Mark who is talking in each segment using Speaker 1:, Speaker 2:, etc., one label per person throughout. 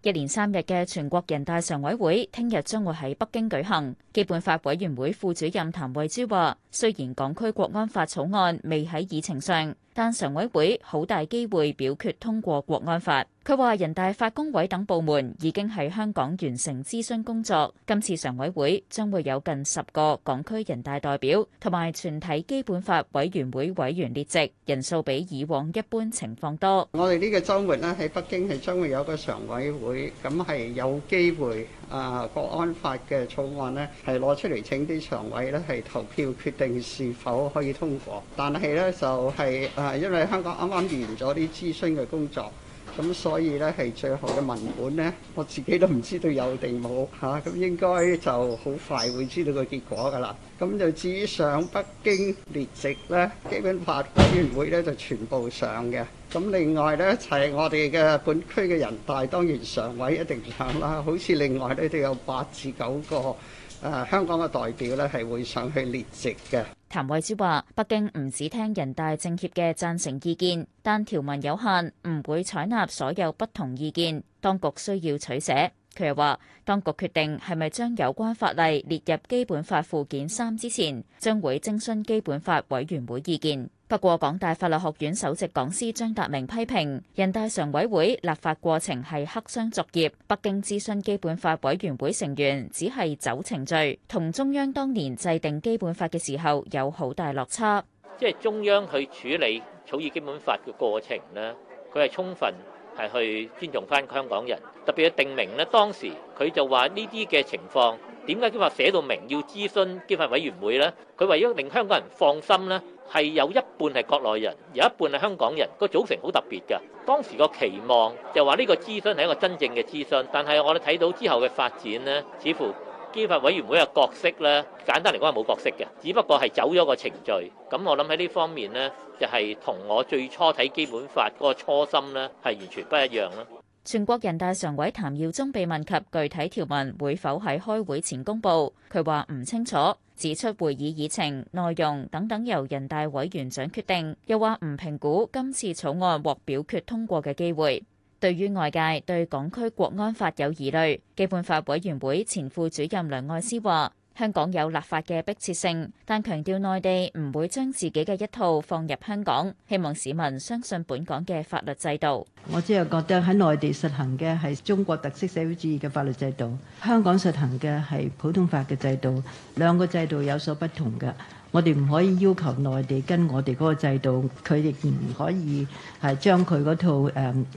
Speaker 1: 一連三日嘅全國人大常委會聽日將會喺北京舉行。基本法委員會副主任譚惠珠話，雖然港區國安法草案未喺議程上，但常委會好大機會表決通過國安法。佢話人大法工委等部門已經喺香港完成諮詢工作。今次常委會將會有近十個港區人大代表同埋全體基本法委員會委員列席，人數比以往一般情況多。
Speaker 2: 我哋呢個周末咧，喺北京係將會有個常委會，咁係有機會啊，國安法嘅草案咧係攞出嚟，請啲常委咧係投票決定是否可以通過。但係咧就係啊，因為香港啱啱完咗啲諮詢嘅工作。咁所以呢，係最後嘅文本呢，我自己都唔知道有定冇吓，咁、啊、應該就好快會知道個結果噶啦。咁就至於上北京列席呢，基本法委員會呢就全部上嘅。咁另外呢，就係、是、我哋嘅本區嘅人大當然常委一定上啦。好似另外呢，都有八至九個誒、啊、香港嘅代表呢，係會上去列席嘅。
Speaker 1: 譚惠珠話：北京唔只聽人大政協嘅贊成意見，但條文有限，唔會採納所有不同意見。當局需要取捨。佢又話：當局決定係咪將有關法例列入基本法附件三之前，將會徵詢基本法委員會意見。不過，港大法律學院首席講師張達明批評人大常委會立法過程係黑箱作業，北京諮詢基本法委員會成員只係走程序，同中央當年制定基本法嘅時候有好大落差。
Speaker 3: 即係中央去處理草擬基本法嘅過程呢，佢係充分係去尊重返香港人，特別係定明呢，當時佢就話呢啲嘅情況。點解叫話寫到明要諮詢基本法委員會呢？佢為咗令香港人放心呢，係有一半係國內人，有一半係香港人，個組成好特別㗎。當時個期望就話呢個諮詢係一個真正嘅諮詢，但係我哋睇到之後嘅發展呢，似乎基本法委員會嘅角色呢，簡單嚟講係冇角色嘅，只不過係走咗個程序。咁我諗喺呢方面呢，就係、是、同我最初睇基本法嗰個初心呢，係完全不一樣啦。
Speaker 1: 全國人大常委譚耀宗被問及具體條文會否喺開會前公布，佢話唔清楚，指出會議議程內容等等由人大委員長決定，又話唔評估今次草案獲表決通過嘅機會。對於外界對港區國安法有疑慮，基本法委員會前副主任梁愛詩話。香港有立法嘅迫切性，但強調內地唔會將自己嘅一套放入香港，希望市民相信本港嘅法律制度。
Speaker 4: 我只係覺得喺內地實行嘅係中國特色社會主義嘅法律制度，香港實行嘅係普通法嘅制度，兩個制度有所不同嘅。我哋唔可以要求內地跟我哋嗰個制度，佢亦唔可以係將佢嗰套誒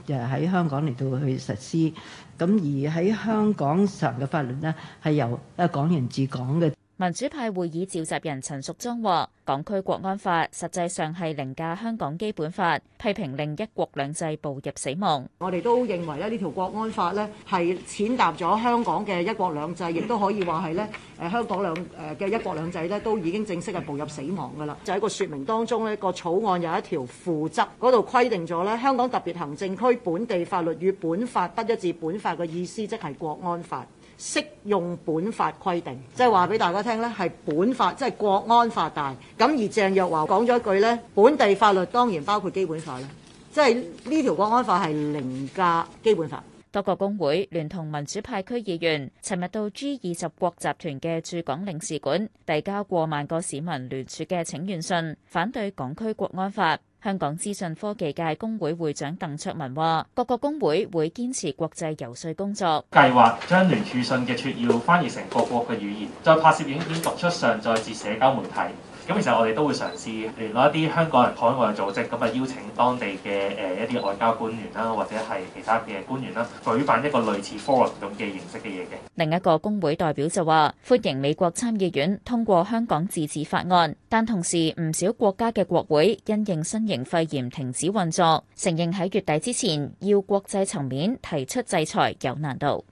Speaker 4: 誒喺香港嚟到去實施。咁而喺香港實行嘅法律呢，係由誒港人治港。
Speaker 1: 民主派會議召集人陳淑莊話：港區國安法實際上係凌駕香港基本法，批評令一國兩制步入死亡。我哋都認為咧，呢條國安法咧係踐踏咗香港嘅一國兩制，亦都可以話係咧，誒香港兩誒嘅
Speaker 4: 一國兩制咧，都已經正式係步入死亡噶啦。 就喺個説明當中咧，個草案有一條附則，嗰度規定咗咧，香港特別行政區本地法律與本法不一致，本法嘅意思即係、就是、國安法。適用本法規定，即係話俾大家聽呢，係本法即係國安法大。咁而鄭若驊講咗一句呢，本地法律當然包
Speaker 1: 括基本法啦，即係呢條國安法係凌駕基本法。多個工會聯同民主派區議員，尋日到 G 二十國集團嘅駐港領事館，遞交過萬個市民聯署嘅請願信，反對港區國安法。香港資訊科技界工會會長鄧卓文話：各國工會會堅持國際遊說工作，計
Speaker 3: 劃將聯署信嘅撮要翻譯成各國嘅語言，再拍攝影片、讀出上載至社交媒體。咁其實我哋都會嘗試聯絡一啲香港人海外組織，咁啊邀請當地嘅誒一啲外交官員啦，或者係其他嘅官員啦，舉辦一個類似 forum 咁嘅形式嘅嘢嘅。
Speaker 1: 另一個工會代表就話歡迎美國參議院通過香港自治法案，但同時唔少國家嘅國會因應新型肺炎停止運作，承認喺月底之前要國際層面提出制裁有難度。